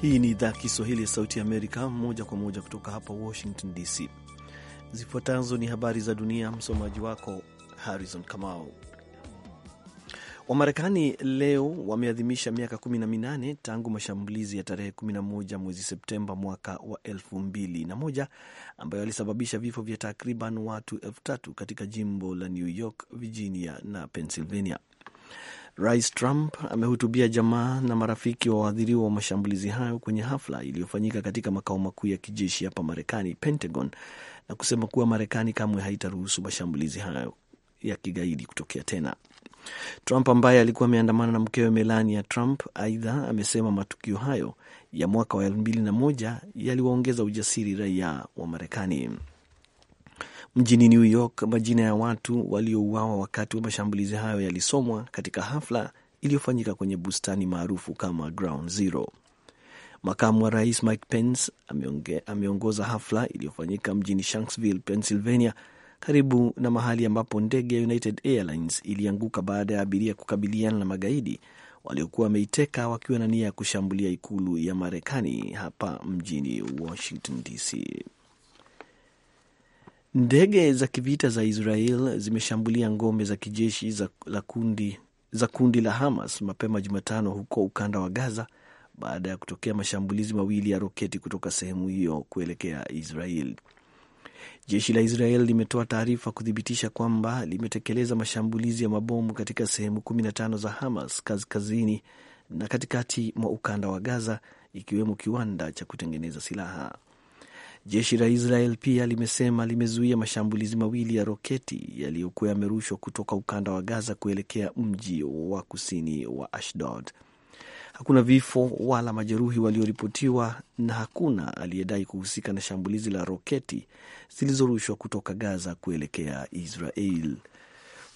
Hii ni idhaa Kiswahili ya Sauti ya Amerika, moja kwa moja kutoka hapa Washington DC. Zifuatazo ni habari za dunia, msomaji wako Harrison Kamau. Wamarekani leo wameadhimisha miaka 18 na tangu mashambulizi ya tarehe 11 mwezi Septemba mwaka wa 21 ambayo yalisababisha vifo vya takriban watu elfu tatu katika jimbo la New York, Virginia na Pennsylvania. Rais Trump amehutubia jamaa na marafiki wa waathiriwa wa mashambulizi hayo kwenye hafla iliyofanyika katika makao makuu ya kijeshi hapa Marekani, Pentagon, na kusema kuwa Marekani kamwe haitaruhusu mashambulizi hayo ya kigaidi kutokea tena. Trump ambaye alikuwa ameandamana na mkewe Melania Trump, aidha amesema matukio hayo ya mwaka wa elfu mbili na moja yaliwaongeza ujasiri raia wa Marekani mjini New York. Majina ya watu waliouawa wakati wa mashambulizi hayo yalisomwa katika hafla iliyofanyika kwenye bustani maarufu kama Ground Zero. Makamu wa rais Mike Pence ameonge, ameongoza hafla iliyofanyika mjini Shanksville, Pennsylvania, karibu na mahali ambapo ndege ya United Airlines ilianguka baada ya abiria kukabiliana na magaidi waliokuwa wameiteka wakiwa na nia ya kushambulia ikulu ya Marekani hapa mjini Washington DC. Ndege za kivita za Israel zimeshambulia ngome za kijeshi za, la kundi, za kundi la Hamas mapema Jumatano huko ukanda wa Gaza baada ya kutokea mashambulizi mawili ya roketi kutoka sehemu hiyo kuelekea Israel. Jeshi la Israel limetoa taarifa kuthibitisha kwamba limetekeleza mashambulizi ya mabomu katika sehemu 15 za Hamas kaskazini na katikati mwa ukanda wa Gaza, ikiwemo kiwanda cha kutengeneza silaha. Jeshi la Israel pia limesema limezuia mashambulizi mawili ya roketi yaliyokuwa yamerushwa kutoka ukanda wa Gaza kuelekea mji wa kusini wa Ashdod. Hakuna vifo wala majeruhi walioripotiwa na hakuna aliyedai kuhusika na shambulizi la roketi zilizorushwa kutoka Gaza kuelekea Israel.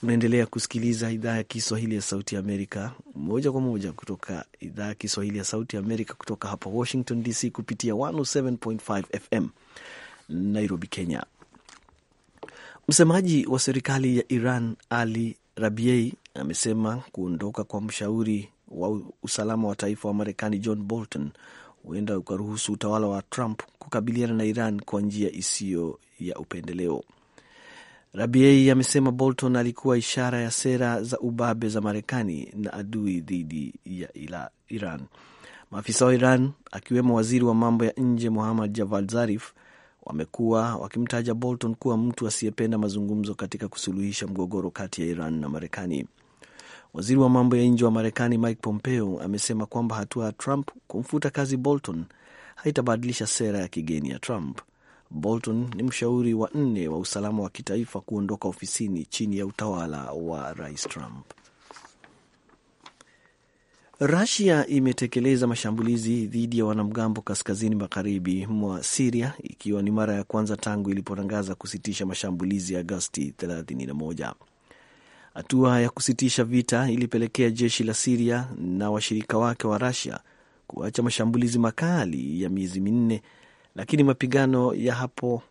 Unaendelea kusikiliza idhaa ya Kiswahili ya Sauti ya Amerika moja kwa moja kutoka idhaa ya Kiswahili ya Sauti ya Amerika kutoka hapa Washington DC kupitia 107.5 FM Nairobi, Kenya. Msemaji wa serikali ya Iran Ali Rabiei amesema kuondoka kwa mshauri wa usalama wa taifa wa Marekani John Bolton huenda ukaruhusu utawala wa Trump kukabiliana na Iran kwa njia isiyo ya upendeleo. Rabiei amesema Bolton alikuwa ishara ya sera za ubabe za Marekani na adui dhidi ya Iran. Maafisa wa Iran akiwemo waziri wa mambo ya nje Muhammad Javad Zarif wamekuwa wakimtaja Bolton kuwa mtu asiyependa mazungumzo katika kusuluhisha mgogoro kati ya Iran na Marekani. Waziri wa mambo ya nje wa Marekani Mike Pompeo amesema kwamba hatua ya Trump kumfuta kazi Bolton haitabadilisha sera ya kigeni ya Trump. Bolton ni mshauri wa nne wa usalama wa kitaifa kuondoka ofisini chini ya utawala wa Rais Trump. Rusia imetekeleza mashambulizi dhidi ya wanamgambo kaskazini magharibi mwa Siria ikiwa ni mara ya kwanza tangu ilipotangaza kusitisha mashambulizi ya Agosti 31. Hatua ya kusitisha vita ilipelekea jeshi la Siria na washirika wake wa Rusia kuacha mashambulizi makali ya miezi minne lakini mapigano ya hapo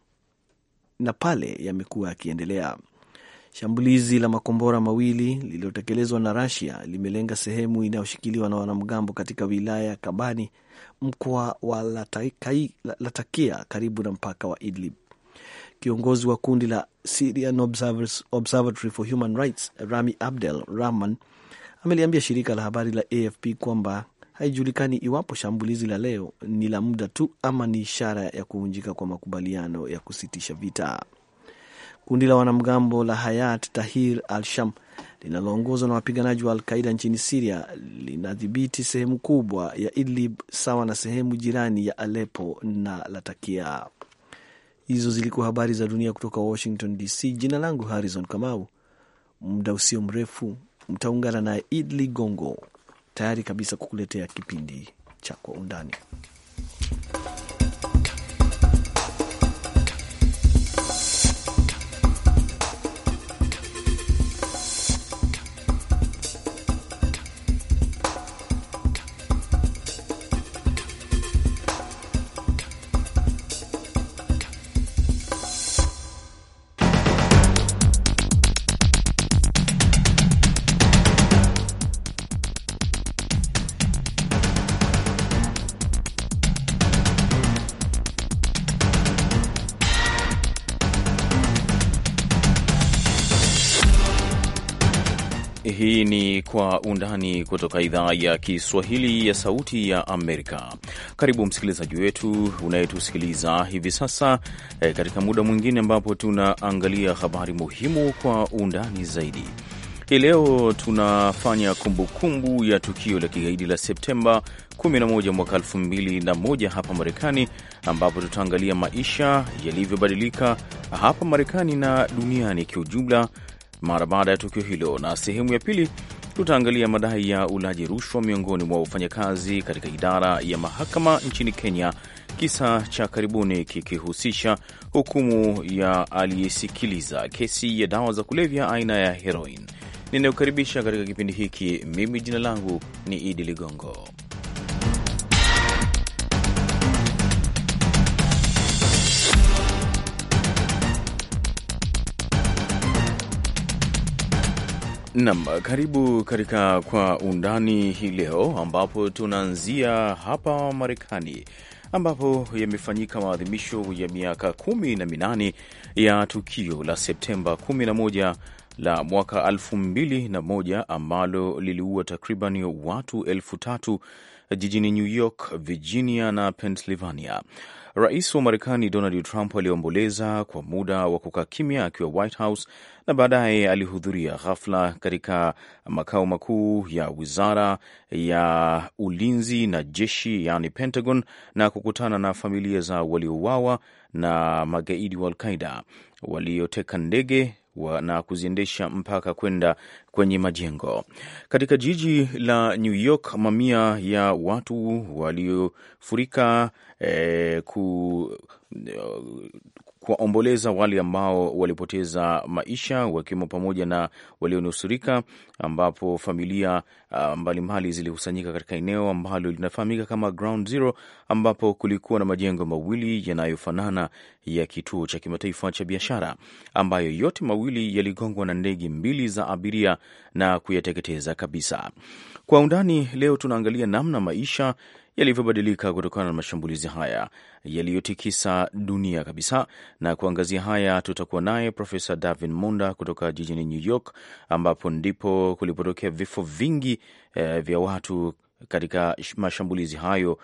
na pale yamekuwa yakiendelea. Shambulizi la makombora mawili lililotekelezwa na rasia limelenga sehemu inayoshikiliwa na wanamgambo katika wilaya ya Kabani, mkoa wa Latakia, karibu na mpaka wa Idlib. Kiongozi wa kundi la Syrian Observatory for Human Rights Rami Abdel Rahman ameliambia shirika la habari la AFP kwamba Haijulikani iwapo shambulizi la leo ni la muda tu ama ni ishara ya kuvunjika kwa makubaliano ya kusitisha vita. Kundi la wanamgambo la Hayat Tahrir al-Sham linaloongozwa na wapiganaji wa Al-Qaida nchini Siria linadhibiti sehemu kubwa ya Idlib sawa na sehemu jirani ya alepo na Latakia. Hizo zilikuwa habari za dunia kutoka Washington DC. Jina langu Harrison Kamau. Muda usio mrefu mtaungana naye Idli Gongo tayari kabisa kukuletea kipindi cha Kwa Undani. kwa undani kutoka idhaa ya Kiswahili ya Sauti ya Amerika. Karibu msikilizaji wetu unayetusikiliza hivi sasa e, katika muda mwingine ambapo tunaangalia habari muhimu kwa undani zaidi. Hii leo tunafanya kumbukumbu kumbu ya tukio la kigaidi la Septemba 11 mwaka 2001 hapa Marekani, ambapo tutaangalia maisha yalivyobadilika hapa Marekani na duniani kiujumla mara baada ya tukio hilo, na sehemu ya pili Tutaangalia madai ya ulaji rushwa miongoni mwa wafanyakazi katika idara ya mahakama nchini Kenya, kisa cha karibuni kikihusisha hukumu ya aliyesikiliza kesi ya dawa za kulevya aina ya heroin. Ninayokaribisha katika kipindi hiki, mimi jina langu ni Idi Ligongo. Nam, karibu katika Kwa Undani hii leo, ambapo tunaanzia hapa Marekani ambapo yamefanyika maadhimisho ya miaka kumi na minane ya tukio la Septemba 11 la mwaka elfu ambalo liliua takriban watu elfu tatu jijini New York, Virginia na Pennsylvania. Rais wa Marekani Donald Trump aliomboleza kwa muda wa kukaa kimya akiwa White House na baadaye alihudhuria ghafla katika makao makuu ya wizara ya ulinzi na jeshi, yani Pentagon, na kukutana na familia za waliouawa na magaidi wa Alqaida walioteka ndege wa, na kuziendesha mpaka kwenda kwenye majengo. Katika jiji la New York, mamia ya watu waliofurika eh, ku eh, kuwaomboleza wale ambao walipoteza maisha wakiwemo pamoja na walionusurika, ambapo familia ah, mbalimbali zilikusanyika katika eneo ambalo linafahamika kama Ground Zero, ambapo kulikuwa na majengo mawili yanayofanana ya kituo cha kimataifa cha biashara, ambayo yote mawili yaligongwa na ndege mbili za abiria na kuyateketeza kabisa. Kwa undani leo tunaangalia namna maisha yalivyobadilika kutokana na mashambulizi haya yaliyotikisa dunia kabisa. Na kuangazia haya, tutakuwa naye Profesa Davin Munda kutoka jijini New York, ambapo ndipo kulipotokea vifo vingi eh, vya watu katika mashambulizi hayo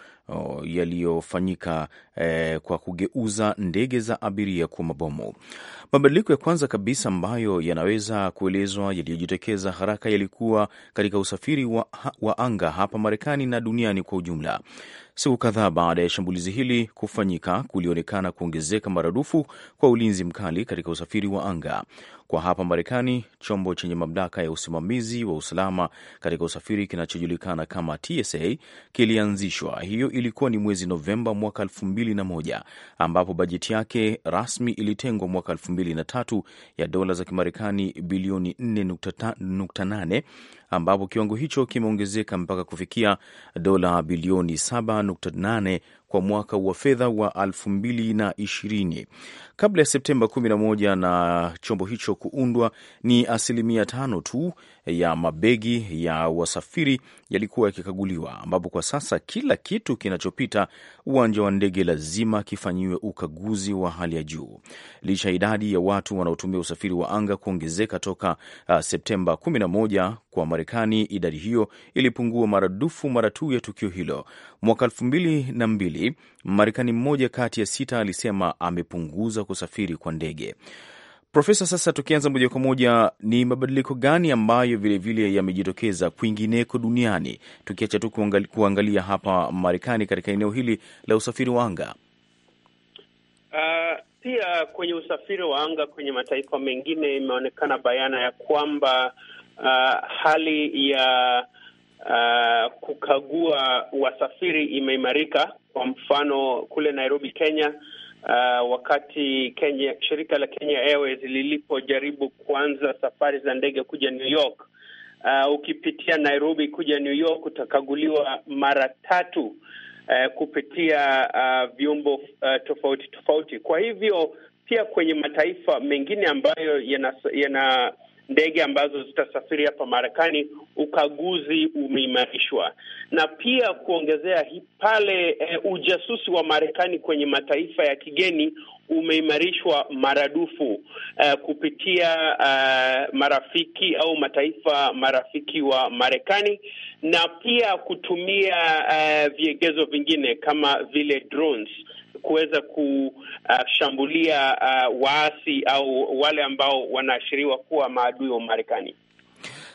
yaliyofanyika eh, kwa kugeuza ndege za abiria kuwa mabomu. Mabadiliko ya kwanza kabisa ambayo yanaweza kuelezwa yaliyojitokeza haraka yalikuwa katika usafiri wa, wa anga hapa Marekani na duniani kwa ujumla. Siku kadhaa baada ya shambulizi hili kufanyika, kulionekana kuongezeka maradufu kwa ulinzi mkali katika usafiri wa anga. Kwa hapa Marekani, chombo chenye mamlaka ya usimamizi wa usalama katika usafiri kinachojulikana kama TSA kilianzishwa. Hiyo ilikuwa ni mwezi Novemba mwaka moja ambapo bajeti yake rasmi ilitengwa mwaka tatu ya dola za Kimarekani bilioni 4.8 ambapo kiwango hicho kimeongezeka mpaka kufikia dola bilioni 7.8 kwa mwaka wa fedha wa 2020 kabla ya Septemba 11 na chombo hicho kuundwa, ni asilimia tano tu ya mabegi ya wasafiri yalikuwa yakikaguliwa, ambapo kwa sasa kila kitu kinachopita uwanja wa ndege lazima kifanyiwe ukaguzi wa hali ya juu. Licha ya idadi ya watu wanaotumia usafiri wa anga kuongezeka toka uh, Septemba 11 kwa Marekani, idadi hiyo ilipungua maradufu mara tu ya tukio hilo. Mwaka 22 Marekani mmoja kati ya sita alisema amepunguza kusafiri kwa ndege. Profesa, sasa tukianza moja kwa moja, ni mabadiliko gani ambayo vilevile yamejitokeza kwingineko duniani, tukiacha tu kuangalia, kuangalia hapa Marekani katika eneo hili la usafiri wa anga? Uh, pia kwenye usafiri wa anga kwenye mataifa mengine imeonekana bayana ya kwamba uh, hali ya uh, kukagua wasafiri imeimarika. Kwa mfano kule Nairobi, Kenya uh, wakati Kenya, shirika la Kenya Airways lilipojaribu kuanza safari za ndege kuja New York. Uh, ukipitia Nairobi kuja New York utakaguliwa mara tatu uh, kupitia uh, vyombo uh, tofauti tofauti. Kwa hivyo pia kwenye mataifa mengine ambayo yana, yana ndege ambazo zitasafiri hapa Marekani, ukaguzi umeimarishwa, na pia kuongezea pale eh, ujasusi wa Marekani kwenye mataifa ya kigeni umeimarishwa maradufu eh, kupitia eh, marafiki au mataifa marafiki wa Marekani, na pia kutumia eh, viegezo vingine kama vile drones kuweza kushambulia uh, waasi au wale ambao wanaashiriwa kuwa maadui wa Marekani.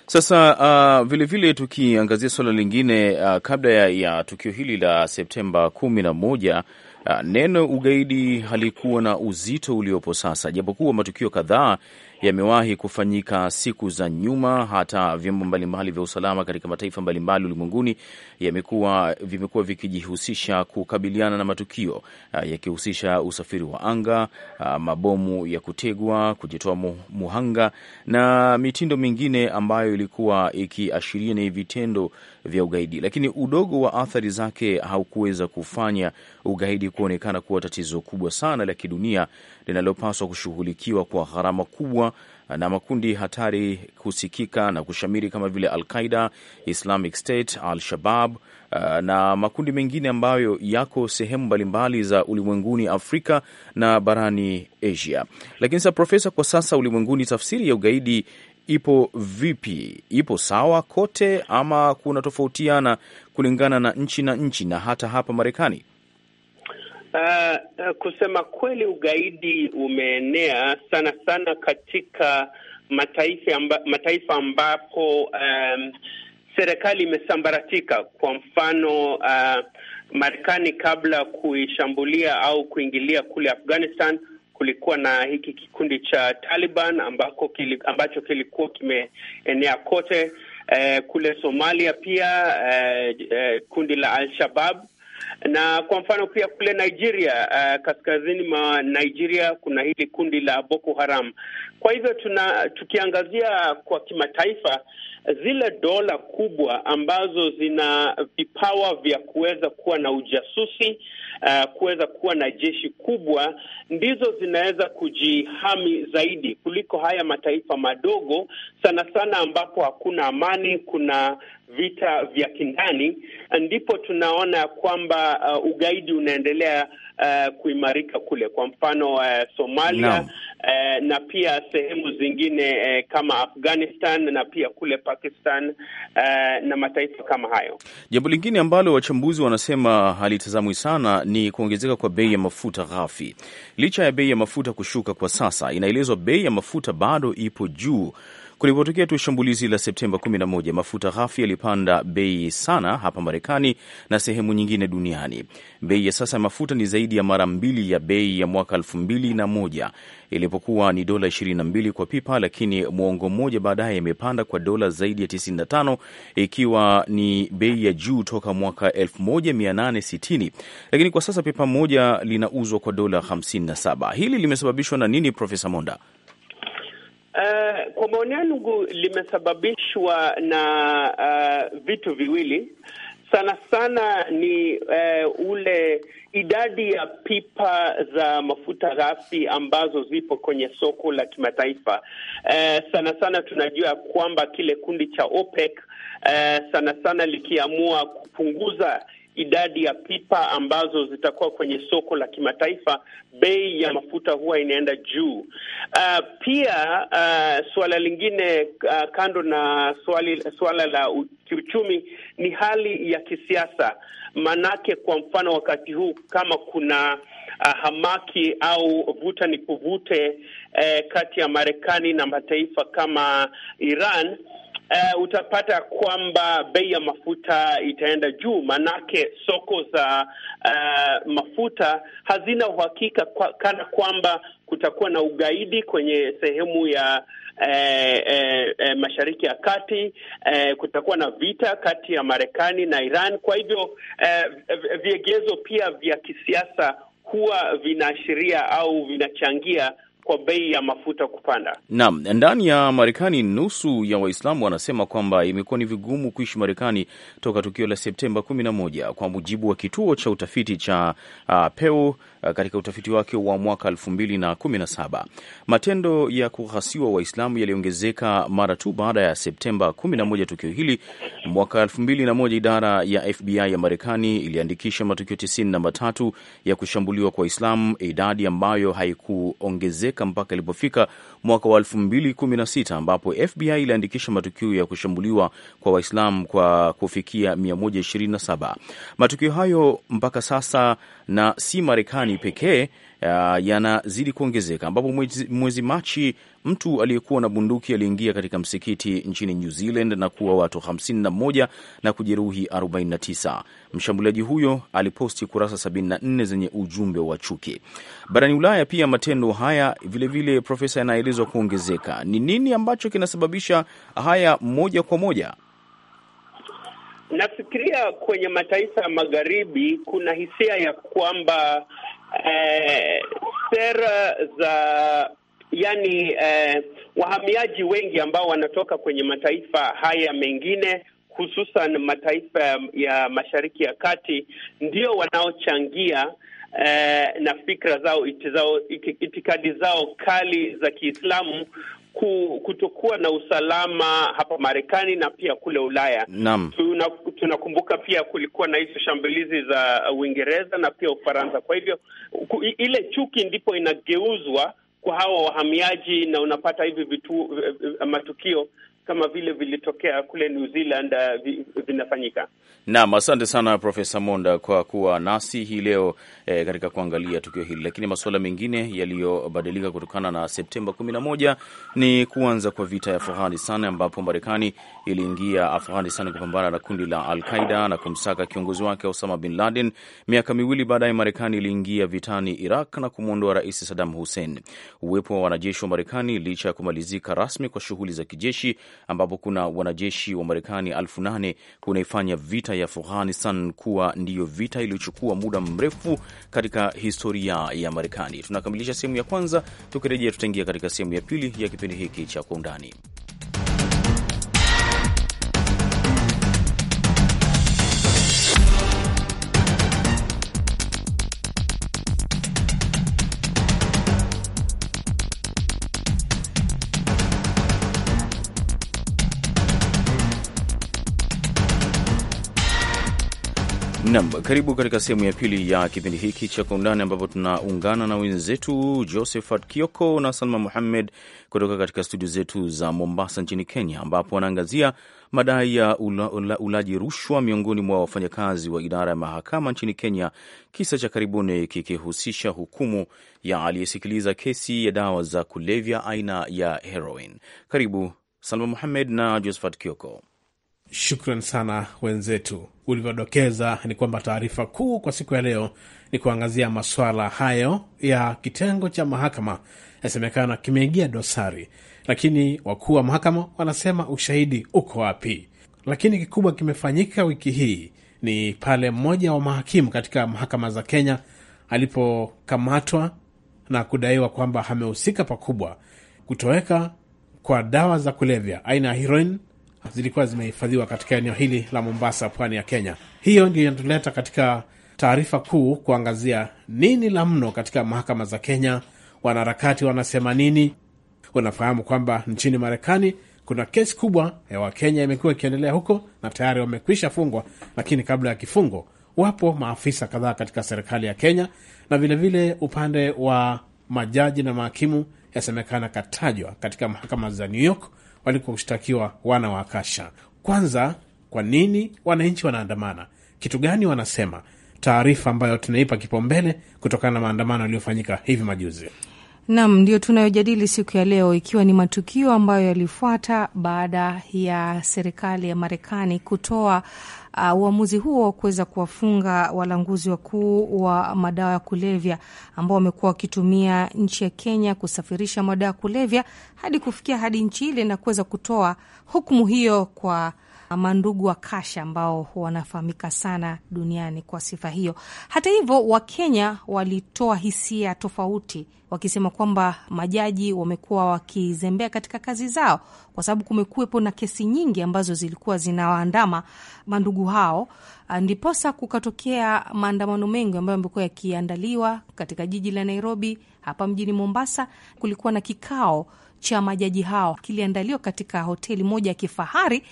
Sasa uh, vilevile tukiangazia suala lingine uh, kabla ya, ya tukio hili la Septemba kumi na moja uh, neno ugaidi halikuwa na uzito uliopo sasa, japokuwa matukio kadhaa yamewahi kufanyika siku za nyuma. Hata vyombo mbalimbali vya usalama katika mataifa mbalimbali ulimwenguni yamekuwa vimekuwa vikijihusisha kukabiliana na matukio ah, yakihusisha usafiri wa anga, ah, mabomu ya kutegwa, kujitoa muhanga na mitindo mingine ambayo ilikuwa ikiashiria ni vitendo vya ugaidi, lakini udogo wa athari zake haukuweza kufanya ugaidi kuonekana kuwa tatizo kubwa sana la kidunia linalopaswa kushughulikiwa kwa gharama kubwa na makundi hatari kusikika na kushamiri kama vile Al-Qaida, Islamic State, Al-Shabab uh, na makundi mengine ambayo yako sehemu mbalimbali za ulimwenguni, Afrika na barani Asia. Lakini sasa, Profesa, kwa sasa ulimwenguni tafsiri ya ugaidi ipo vipi? Ipo sawa kote ama kuna tofautiana kulingana na nchi na nchi na hata hapa Marekani? Uh, uh, kusema kweli ugaidi umeenea sana sana katika mataifa amba, mataifa ambapo um, serikali imesambaratika. Kwa mfano uh, Marekani kabla kuishambulia au kuingilia kule Afghanistan kulikuwa na hiki kikundi cha Taliban ambako kili, ambacho kilikuwa kimeenea kote. Uh, kule Somalia pia uh, uh, kundi la Al-Shabaab na kwa mfano pia kule Nigeria, uh, kaskazini mwa Nigeria kuna hili kundi la Boko Haram. Kwa hivyo tuna tukiangazia kwa kimataifa zile dola kubwa ambazo zina vipawa vya kuweza kuwa na ujasusi uh, kuweza kuwa na jeshi kubwa ndizo zinaweza kujihami zaidi kuliko haya mataifa madogo, sana sana ambapo hakuna amani, kuna vita vya kindani, ndipo tunaona kwamba uh, ugaidi unaendelea uh, kuimarika kule, kwa mfano uh, Somalia no. Uh, na pia sehemu zingine uh, kama Afghanistan na pia kule Pakistan uh, na mataifa kama hayo. Jambo lingine ambalo wachambuzi wanasema halitazamwi sana ni kuongezeka kwa bei ya mafuta ghafi. Licha ya bei ya mafuta kushuka kwa sasa, inaelezwa bei ya mafuta bado ipo juu Kulipotokea tu shambulizi la Septemba 11, mafuta ghafi yalipanda bei sana hapa Marekani na sehemu nyingine duniani. Bei ya sasa ya mafuta ni zaidi ya mara mbili ya bei ya mwaka 2001 ilipokuwa ni dola 22 kwa pipa, lakini mwongo mmoja baadaye imepanda kwa dola zaidi ya 95, ikiwa ni bei ya juu toka mwaka 1860. Lakini kwa sasa pipa moja linauzwa kwa dola 57. Hili limesababishwa na nini, Profesa Monda? Uh, kwa maoni yangu limesababishwa na uh, vitu viwili sana sana ni uh, ule idadi ya pipa za mafuta ghafi ambazo zipo kwenye soko la kimataifa. Uh, sana sana tunajua kwamba kile kundi cha OPEC uh, sana sana likiamua kupunguza idadi ya pipa ambazo zitakuwa kwenye soko la kimataifa, bei ya mafuta huwa inaenda juu. Uh, pia uh, suala lingine uh, kando na swali, suala la kiuchumi ni hali ya kisiasa, maanake kwa mfano wakati huu kama kuna Uh, hamaki au vuta ni kuvute uh, kati ya Marekani na mataifa kama Iran uh, utapata kwamba bei ya mafuta itaenda juu, manake soko za uh, mafuta hazina uhakika kwa, kana kwamba kutakuwa na ugaidi kwenye sehemu ya eh, eh, eh, Mashariki ya Kati eh, kutakuwa na vita kati ya Marekani na Iran. Kwa hivyo eh, viegezo pia vya kisiasa huwa vinaashiria au vinachangia kwa bei ya mafuta kupanda. Naam, ndani ya Marekani nusu ya Waislamu wanasema kwamba imekuwa ni vigumu kuishi Marekani toka tukio la Septemba kumi na moja, kwa mujibu wa kituo cha utafiti cha uh, Pew Eh, katika utafiti wake wa mwaka 2017. Matendo ya kughasiwa Waislamu yaliongezeka mara tu baada ya Septemba 11 tukio hili. Mwaka 2001 idara ya FBI ya Marekani iliandikisha matukio 93 matatu ya kushambuliwa kwa Waislamu, idadi ambayo haikuongezeka mpaka ilipofika mwaka wa 2016 ambapo FBI iliandikisha matukio ya kushambuliwa kwa Waislamu kwa kufikia 127. Matukio hayo mpaka sasa na si Marekani pekee uh, yanazidi kuongezeka ambapo mwezi, mwezi Machi mtu aliyekuwa na bunduki aliingia katika msikiti nchini New Zealand na kuua watu 51 na, na kujeruhi 49. Mshambuliaji huyo aliposti kurasa 74 zenye ujumbe wa chuki. Barani Ulaya pia matendo haya vilevile, profesa, yanaelezwa kuongezeka. Ni nini ambacho kinasababisha haya moja kwa moja? Nafikiria kwenye mataifa ya magharibi kuna hisia ya kwamba eh, sera za yani eh, wahamiaji wengi ambao wanatoka kwenye mataifa haya mengine hususan mataifa ya Mashariki ya Kati ndio wanaochangia eh, na fikra zao, iti zao iti, itikadi zao kali za Kiislamu kutokuwa na usalama hapa Marekani na pia kule Ulaya. Naam. Tuna, tunakumbuka pia kulikuwa na hizo shambulizi za Uingereza na pia Ufaransa. Kwa hivyo ile chuki ndipo inageuzwa kwa hawa wahamiaji na unapata hivi vitu eh, eh, matukio kama vile vilitokea kule New Zealand uh, vinafanyika. Naam, asante sana Profesa Monda kwa kuwa nasi hii leo eh, katika kuangalia tukio hili. Lakini masuala mengine yaliyobadilika kutokana na Septemba 11 ni kuanza kwa vita ya Afghanistan, ambapo Marekani iliingia Afghanistan kupambana na kundi la Al-Qaida na kumsaka kiongozi wake Osama bin Laden. Miaka miwili baadaye, Marekani iliingia vitani Iraq na kumwondoa Rais Saddam Hussein. Uwepo wa wanajeshi wa Marekani licha ya kumalizika rasmi kwa shughuli za kijeshi ambapo kuna wanajeshi wa Marekani elfu nane kunaifanya vita ya Afghanistan kuwa ndiyo vita iliyochukua muda mrefu katika historia ya Marekani. Tunakamilisha sehemu ya kwanza, tukirejea tutaingia katika sehemu ya pili ya kipindi hiki cha Kwa Undani. Nam, karibu katika sehemu ya pili ya kipindi hiki cha Kwa Undani, ambapo tunaungana na wenzetu Josephat Kioko na Salma Muhammed kutoka katika studio zetu za Mombasa nchini Kenya, ambapo wanaangazia madai ya ula, ula, ulaji rushwa miongoni mwa wafanyakazi wa idara ya mahakama nchini Kenya, kisa cha karibuni kikihusisha hukumu ya aliyesikiliza kesi ya dawa za kulevya aina ya heroin. Karibu Salma Muhammed na Josephat Kioko. Shukran sana wenzetu. Ulivyodokeza ni kwamba taarifa kuu kwa siku ya leo ni kuangazia masuala hayo ya kitengo cha mahakama. Inasemekana kimeingia dosari, lakini wakuu wa mahakama wanasema ushahidi uko wapi? Lakini kikubwa kimefanyika wiki hii ni pale mmoja wa mahakimu katika mahakama za Kenya alipokamatwa na kudaiwa kwamba amehusika pakubwa kutoweka kwa dawa za kulevya aina ya heroin zilikuwa zimehifadhiwa katika eneo hili la Mombasa, pwani ya Kenya. Hiyo ndio inatuleta katika taarifa kuu kuangazia nini la mno katika mahakama za Kenya. Wanaharakati wanasema nini? Unafahamu kwamba nchini Marekani kuna kesi kubwa ya Wakenya imekuwa ikiendelea huko na tayari wamekwisha fungwa, lakini kabla ya kifungo, wapo maafisa kadhaa katika serikali ya Kenya na vilevile vile upande wa majaji na mahakimu yasemekana katajwa katika mahakama za New York walikoshtakiwa wana wa Akasha. Kwanza, kwa nini wananchi wanaandamana? Kitu gani wanasema? Taarifa ambayo tunaipa kipaumbele kutokana na maandamano yaliyofanyika hivi majuzi. Nam, ndio tunayojadili siku ya leo, ikiwa ni matukio ambayo yalifuata baada ya serikali ya Marekani kutoa uh, uamuzi huo wa kuweza kuwafunga walanguzi wakuu wa madawa ya kulevya ambao wamekuwa wakitumia nchi ya Kenya kusafirisha madawa ya kulevya hadi kufikia hadi nchi ile na kuweza kutoa hukumu hiyo kwa mandugu wa Kasha ambao wanafahamika sana duniani kwa sifa hiyo. Hata hivyo, Wakenya walitoa hisia tofauti wakisema kwamba majaji wamekuwa wakizembea katika kazi zao, kwa sababu kumekuwepo na kesi nyingi ambazo zilikuwa zinawaandama mandugu hao, ah, ndiposa kukatokea maandamano mengi ambayo yamekuwa yakiandaliwa katika jiji la Nairobi. Hapa mjini Mombasa kulikuwa na kikao cha majaji hao kiliandaliwa katika hoteli moja ya kifahari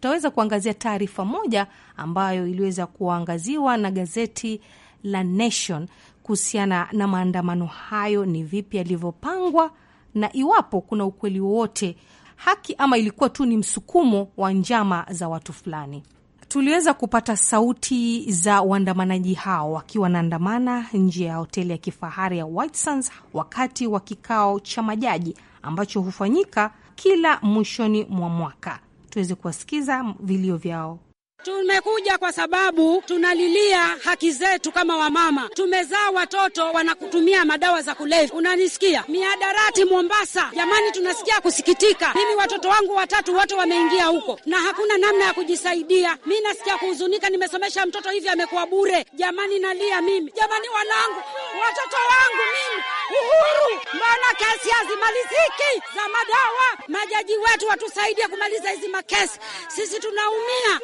tutaweza kuangazia taarifa moja ambayo iliweza kuangaziwa na gazeti la Nation kuhusiana na maandamano hayo, ni vipi yalivyopangwa na iwapo kuna ukweli wowote, haki ama ilikuwa tu ni msukumo wa njama za watu fulani. Tuliweza kupata sauti za waandamanaji hao wakiwa wanaandamana nje ya hoteli ya kifahari ya Whitesons wakati wa kikao cha majaji ambacho hufanyika kila mwishoni mwa mwaka tuweze kuwasikiza vilio vyao. Tumekuja kwa sababu tunalilia haki zetu kama wamama. Tumezaa watoto wanakutumia madawa za kulevya, unanisikia? Miadarati Mombasa, jamani, tunasikia kusikitika. Mimi watoto wangu watatu wote wameingia huko na hakuna namna ya kujisaidia. Mi nasikia kuhuzunika, nimesomesha mtoto hivi amekuwa bure. Jamani, nalia mimi, jamani, wanangu, watoto wangu mimi, uhuru. Mbona kesi hazimaliziki za madawa? Majaji wetu watusaidie kumaliza hizi makesi, sisi tunaumia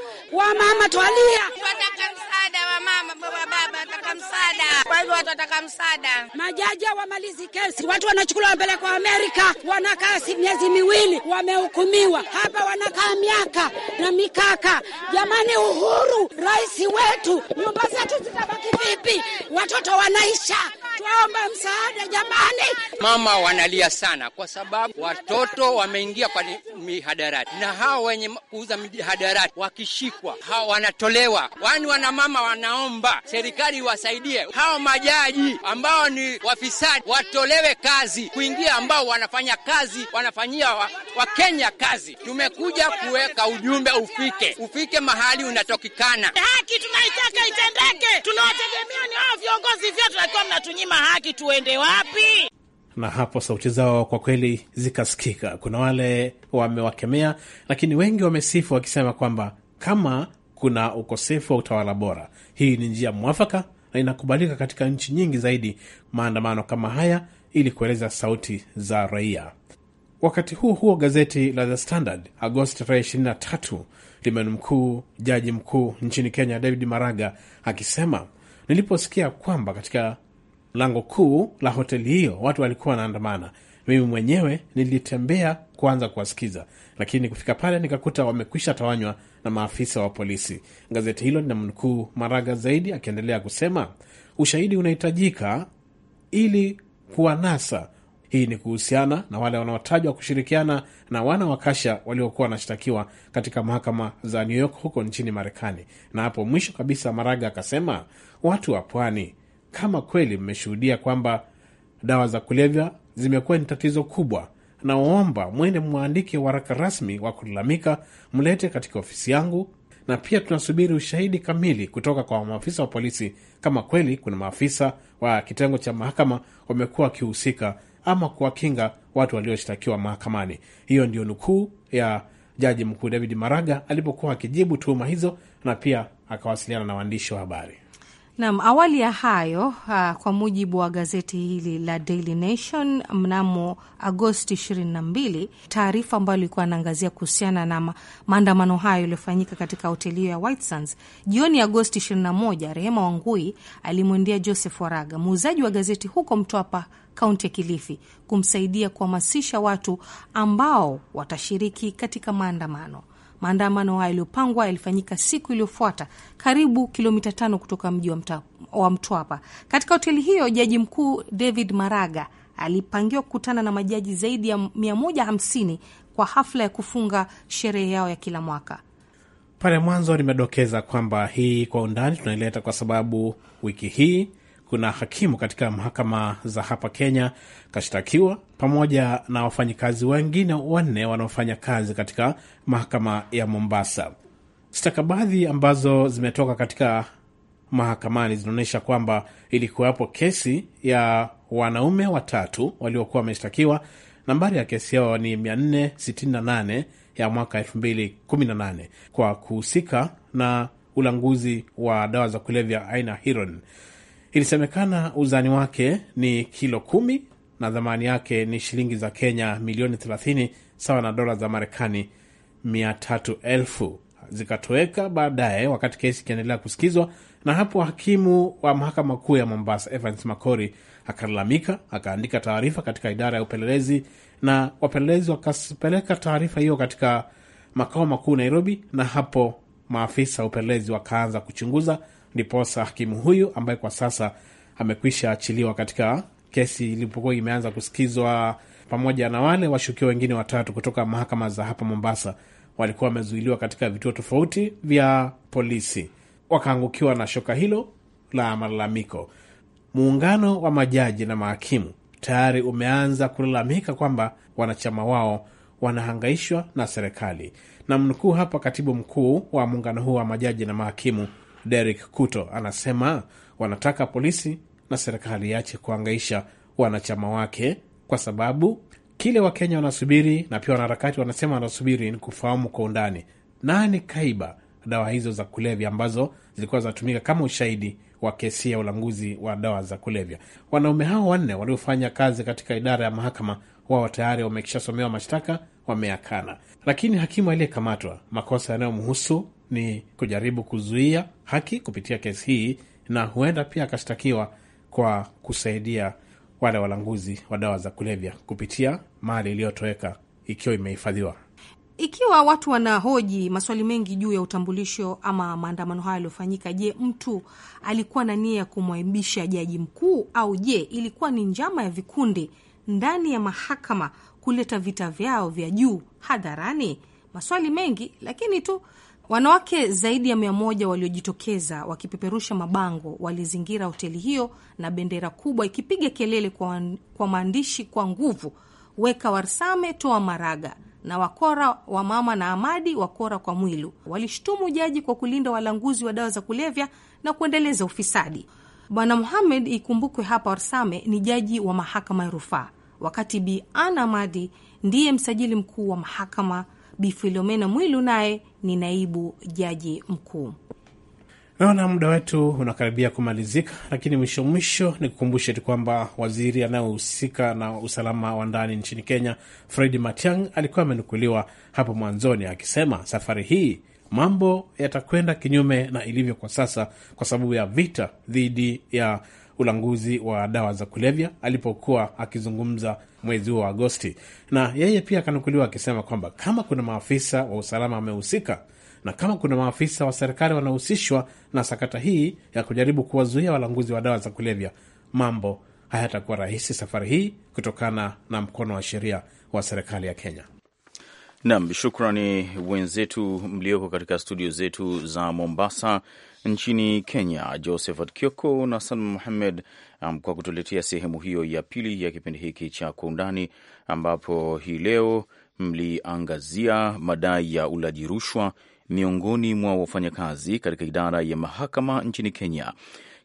mama twalia, tunataka msaada wa mama, baba tunataka msaada. Kwa hivyo watu msaada, majaji wamalizi kesi. Watu wanachukuliwa wapelekwa Amerika, wanakaa miezi miwili, wamehukumiwa hapa, wanakaa miaka na mikaka. Jamani, uhuru rais wetu, nyumba zetu zitabaki vipi? Watoto wanaisha Twaomba msaada jamani. Mama wanalia sana kwa sababu watoto wameingia kwa mihadarati, na hawa wenye kuuza mihadarati wakishikwa hawa wanatolewa, wana wanamama wanaomba serikali iwasaidie hao majaji ambao ni wafisadi, watolewe kazi kuingia, ambao wanafanya kazi, wanafanyia Wakenya wa kazi. Tumekuja kuweka ujumbe ufike, ufike mahali unatokikana. Haki tunaitaka itendeke, tunawategemea ni hao viongozi vyetu, akiwa mnatunyima haki, tuende wapi? na hapo sauti zao kwa kweli zikasikika. Kuna wale wamewakemea, lakini wengi wamesifu wakisema kwamba kama kuna ukosefu wa utawala bora. Hii ni njia mwafaka na inakubalika katika nchi nyingi zaidi maandamano kama haya ili kueleza sauti za raia. Wakati huo huo, gazeti la The Standard Agosti tarehe 23 limenukuu jaji mkuu nchini Kenya David Maraga akisema, niliposikia kwamba katika lango kuu la hoteli hiyo watu walikuwa wanaandamana, mimi mwenyewe nilitembea kuanza kuwasikiza, lakini kufika pale nikakuta wamekwisha tawanywa na maafisa wa polisi. Gazeti hilo lina mnukuu Maraga zaidi akiendelea kusema, ushahidi unahitajika ili kuwanasa. Hii ni kuhusiana na wale wanaotajwa kushirikiana na wana wa Kasha waliokuwa wanashtakiwa katika mahakama za New York huko nchini Marekani. Na hapo mwisho kabisa, Maraga akasema, watu wa pwani, kama kweli mmeshuhudia kwamba dawa za kulevya zimekuwa ni tatizo kubwa. naomba mwende mwandike waraka rasmi wa kulalamika, mlete katika ofisi yangu, na pia tunasubiri ushahidi kamili kutoka kwa maafisa wa polisi, kama kweli kuna maafisa wa kitengo cha mahakama wamekuwa wakihusika ama kuwakinga watu walioshtakiwa mahakamani. Hiyo ndio nukuu ya Jaji Mkuu David Maraga alipokuwa akijibu tuhuma hizo, na pia akawasiliana na waandishi wa habari. Nam, awali ya hayo uh, kwa mujibu wa gazeti hili la Daily Nation mnamo Agosti 22, taarifa ambayo ilikuwa anaangazia kuhusiana na maandamano hayo yaliyofanyika katika hoteli hiyo ya Whitesands jioni Agosti 21, Rehema Wangui alimwendea Joseph Waraga, muuzaji wa gazeti huko Mtwapa, kaunti ya Kilifi, kumsaidia kuhamasisha watu ambao watashiriki katika maandamano. Maandamano hayo yaliyopangwa yalifanyika siku iliyofuata karibu kilomita tano kutoka mji wa, wa Mtwapa. Katika hoteli hiyo, jaji mkuu David Maraga alipangiwa kukutana na majaji zaidi ya 150 kwa hafla ya kufunga sherehe yao ya kila mwaka. Pale mwanzo nimedokeza kwamba hii kwa undani tunaileta kwa sababu wiki hii kuna hakimu katika mahakama za hapa Kenya kashtakiwa pamoja na wafanyakazi wengine wanne wanaofanya kazi katika mahakama ya Mombasa. Stakabadhi ambazo zimetoka katika mahakamani zinaonyesha kwamba ilikuwapo kesi ya wanaume watatu waliokuwa wameshtakiwa. Nambari ya kesi yao ni 468 ya mwaka 2018 kwa kuhusika na ulanguzi wa dawa za kulevya aina heroin. Ilisemekana uzani wake ni kilo kumi na thamani yake ni shilingi za Kenya milioni 30 sawa na dola za Marekani 300,000 zikatoweka baadaye wakati kesi ikiendelea kusikizwa, na hapo hakimu wa mahakama kuu ya Mombasa Evans Makori akalalamika, akaandika taarifa katika idara ya upelelezi, na wapelelezi wakapeleka taarifa hiyo katika makao makuu Nairobi, na hapo maafisa wa upelelezi wakaanza kuchunguza, ndiposa hakimu huyu ambaye kwa sasa amekwisha achiliwa katika kesi ilipokuwa imeanza kusikizwa, pamoja na wale washukiwa wengine watatu kutoka mahakama za hapa Mombasa walikuwa wamezuiliwa katika vituo tofauti vya polisi, wakaangukiwa na shoka hilo la malalamiko. Muungano wa majaji na mahakimu tayari umeanza kulalamika kwamba wanachama wao wanahangaishwa na serikali. Na mnukuu hapa, katibu mkuu wa muungano huu wa majaji na mahakimu Derek Kuto anasema wanataka polisi na serikali yache kuangaisha wanachama wake, kwa sababu kile Wakenya wanasubiri na pia wanaharakati wanasema wanasubiri ni kufahamu kwa undani nani kaiba dawa hizo za kulevya ambazo zilikuwa zinatumika kama ushahidi wa kesi ya ulanguzi wa dawa za kulevya. Wanaume hao wanne waliofanya kazi katika idara ya mahakama, wao tayari wamekishasomewa mashtaka, wameakana. Lakini hakimu aliyekamatwa, makosa yanayomhusu ni kujaribu kuzuia haki kupitia kesi hii, na huenda pia akashtakiwa kwa kusaidia wale walanguzi wa dawa za kulevya kupitia mali iliyotoweka ikiwa imehifadhiwa. Ikiwa watu wanahoji maswali mengi juu ya utambulisho ama maandamano hayo yaliyofanyika, je, mtu alikuwa na nia ya kumwaibisha jaji mkuu au je, ilikuwa ni njama ya vikundi ndani ya mahakama kuleta vita vyao vya juu hadharani? Maswali mengi, lakini tu Wanawake zaidi ya mia moja waliojitokeza wakipeperusha mabango walizingira hoteli hiyo na bendera kubwa ikipiga kelele kwa, kwa maandishi kwa nguvu, weka Warsame toa Maraga na wakora wa mama na Amadi wakora kwa Mwilu. Walishtumu jaji kwa kulinda walanguzi wa dawa za kulevya na kuendeleza ufisadi. Bwana Muhamed, ikumbukwe hapa Warsame ni jaji wa mahakama ya rufaa, wakati Bi Ana Amadi ndiye msajili mkuu wa mahakama Bi Filomena Mwilu naye ni naibu jaji mkuu. Naona muda wetu unakaribia kumalizika, lakini mwisho mwisho ni kukumbushe tu kwamba waziri anayehusika na usalama wa ndani nchini Kenya, Fredi Matiang, alikuwa amenukuliwa hapo mwanzoni akisema safari hii mambo yatakwenda kinyume na ilivyo kwa sasa kwa sababu ya vita dhidi ya ulanguzi wa dawa za kulevya alipokuwa akizungumza mwezi huo wa Agosti, na yeye pia akanukuliwa akisema kwamba kama kuna maafisa wa usalama wamehusika na kama kuna maafisa wa serikali wanahusishwa na sakata hii ya kujaribu kuwazuia walanguzi wa dawa za kulevya, mambo hayatakuwa rahisi safari hii kutokana na mkono wa sheria wa serikali ya Kenya. Nam, shukrani wenzetu mlioko katika studio zetu za Mombasa nchini Kenya, Josephat Kioko na Salma muhamed um, kwa kutuletea sehemu hiyo ya pili ya kipindi hiki cha Kwa Undani, ambapo hii leo mliangazia madai ya ulaji rushwa miongoni mwa wafanyakazi katika idara ya mahakama nchini Kenya,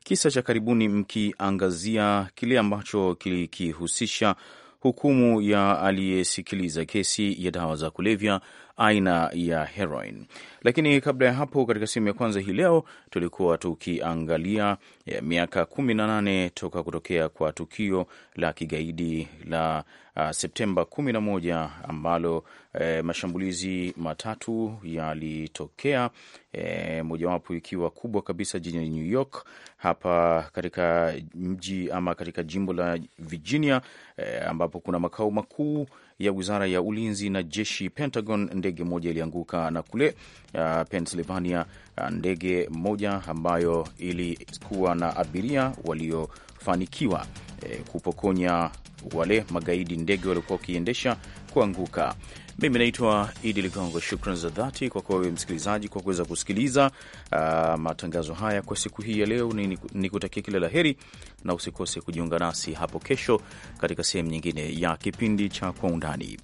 kisa cha karibuni mkiangazia kile ambacho kilikihusisha hukumu ya aliyesikiliza kesi ya dawa za kulevya aina ya heroin. Lakini kabla ya hapo, katika sehemu ya kwanza hii leo tulikuwa tukiangalia eh, miaka kumi na nane toka kutokea kwa tukio la kigaidi la uh, Septemba kumi na moja ambalo eh, mashambulizi matatu yalitokea eh, mojawapo ikiwa kubwa kabisa jijini New York hapa katika mji ama katika jimbo la Virginia eh, ambapo kuna makao makuu ya wizara ya ulinzi na jeshi Pentagon, ndege moja ilianguka na kule uh, Pennsylvania, ndege moja ambayo ilikuwa na abiria walio kufanikiwa e, kupokonya wale magaidi ndege waliokuwa wakiendesha kuanguka. Mimi naitwa Idi Ligongo. Shukran za dhati kwako wewe msikilizaji kwa kuweza kusikiliza uh, matangazo haya kwa siku hii ya leo. ni ni kila la heri, na usikose kujiunga nasi hapo kesho katika sehemu nyingine ya kipindi cha Kwa Undani.